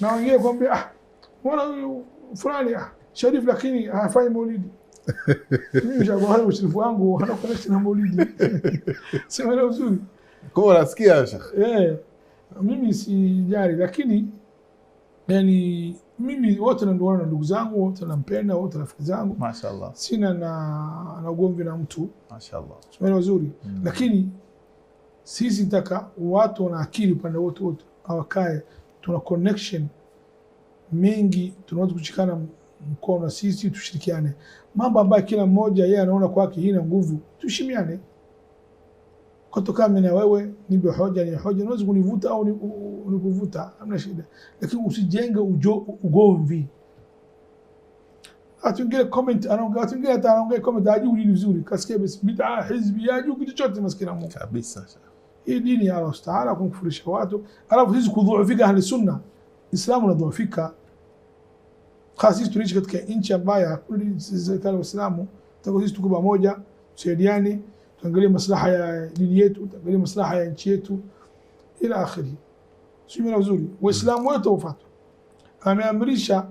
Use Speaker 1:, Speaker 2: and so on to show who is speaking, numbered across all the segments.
Speaker 1: naongea kwambia, ah, mbona huyu fulani ah, Sharifu lakini hafai maulidi mimi ushirifu wangu hana connection na maulidi sema uzuri
Speaker 2: kwa unasikia shekh
Speaker 1: eh mimi sijali lakini yani mimi wote nandoana na ndugu zangu wote nampenda wote rafiki zangu mashaallah sina na na ugomvi na mtu mashaallah sema uzuri mm. lakini sisi nataka watu wana akili upande wote wote awakae tuna connection mengi, tunaweza kushikana mkono sisi, tushirikiane mambo ambayo kila mmoja yeye anaona kwake hii na nguvu, tushimiane kutoka mimi na wewe, nibe hoja ni hoja, unaweza kunivuta au nikuvuta, hamna shida, lakini usijenge ugomvi. Watu comment, anaongea watu wengine hata anaongea comment, hajui vizuri, kasikia basi bid'a, hizbi, ah, hajui kitu chochote, maskini Mungu kabisa hii dini ya Allah Taala kwa kumkufurisha watu, alafu sisi kudhoofika ahli sunna, Islamu unadhoofika. Hasa sisi tunaishi katika nchi ambayo hakuna dini serikali Waislamu, Tuko sisi tuko pamoja, tusaidiane, tuangalie maslaha ya dini yetu, tuangalie maslaha ya nchi yetu ila akhiri. Sio mara nzuri. Waislamu wote wafuatwe. Ameamrisha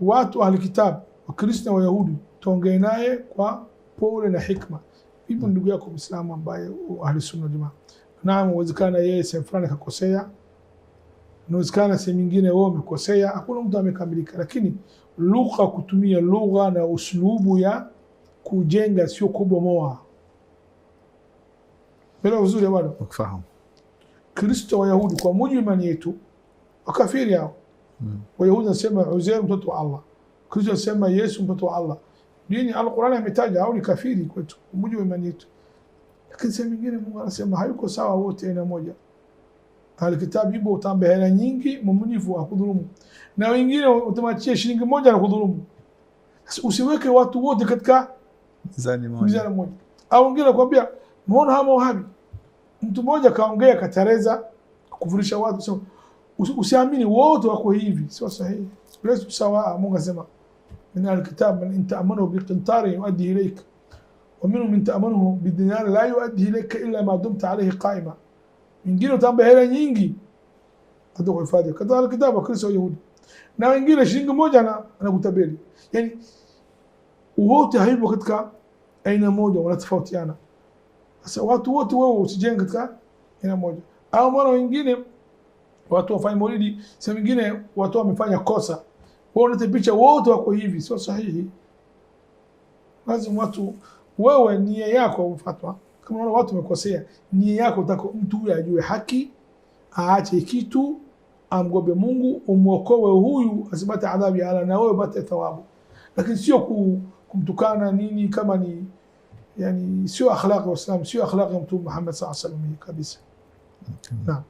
Speaker 1: watu ahli kitab, Wakristo na Wayahudi, tuongee naye kwa pole na hikma. Hivyo ndugu yako Muislamu ambaye ahli sunna jamaa Naam, uwezekana yeye sehemu fulani kakosea, inawezekana sehemu nyingine wewe umekosea. Hakuna mtu amekamilika, lakini lugha, kutumia lugha na uslubu ya kujenga, sio kubomoa. Elewa vizuri bado ukifahamu Kristo Wayahudi kwa mujibu imani yetu wakafiri hao. Hmm. Wayahudi wanasema Uzair mtoto wa Allah, Kristo anasema Yesu mtoto wa Allah. Dini Alqurani ametaja au ni kafiri kwetu kwa mujibu imani yetu. Lakini sehemu nyingine Mungu anasema hayuko sawa wote aina moja. Alkitabu ipo utambe hela nyingi, mumnifu akudhulumu. Na wengine utamachia shilingi moja na kudhulumu. Sasa usiweke watu wote katika
Speaker 2: mizani moja. Mizani moja.
Speaker 1: Au wengine nakwambia, muona hama Wahabi. Mtu mmoja kaongea katareza kufurisha watu sema so, usiamini wote wako hivi, sio sahihi. Lesu sawa, Mungu anasema min alkitab man intamanu biqintari yuaddi ilayka waminhu min tamanhu bidinari la yuaddi ilaika ila ma dumta alayhi qaima wengine utampa hela nyingi hata kuhifadhi kadhalika kitabu wa Kristo Yahudi na wengine shilingi moja na anakutabeli yani wote haipo katika aina moja wanatofautiana sasa watu wote wewe usijenge katika aina moja au mara wengine watu wafanye maulidi sehemu nyingine watu wamefanya kosa wao unatapicha wote wako hivi sio sahihi lazima watu wewe nia yako mfatwa, kama unaona watu wamekosea, nia yako utaka mtu huyo ajue haki, aache kitu, amgobe Mungu, umwokoe huyu asipate adhabu ya Allah na wewe upate thawabu, lakini sio kumtukana nini, kama ni yani, sio akhlaqi wa Uislamu, sio akhlaqi ya Mtume Muhammad sallallahu alaihi wasallam kabisa. Naam.